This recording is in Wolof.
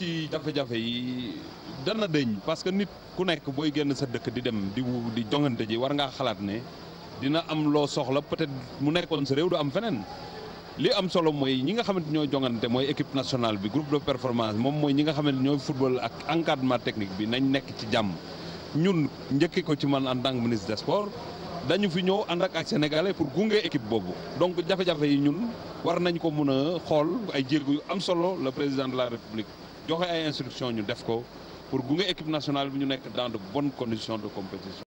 ci jafé jafé yi dana deñ parce que nit ku nek boy genn sa dëkk di dem di di jongante ji war nga xalaat ne dina am lo soxla peut-être mu nekkon sa rew du am fenen li am solo moy ñi nga xamanteni ñoy jongante moy équipe nationale bi groupe de performance mom moy ñi nga xamanteni ñoy football ak encadrement technique bi nañ nekk ci jam ñun njëkki ko ci man en tant que ministre des sports dañu fi ñëw and ak sénégalais pour gungé équipe bobu donc jafe-jafe yi ñun war nañ ko mëna xol ay am solo le président de la république yoxe ay instructions ñu def ko pour gunge équipe nationale bi ñu nekk dans de bonnes conditions de compétition.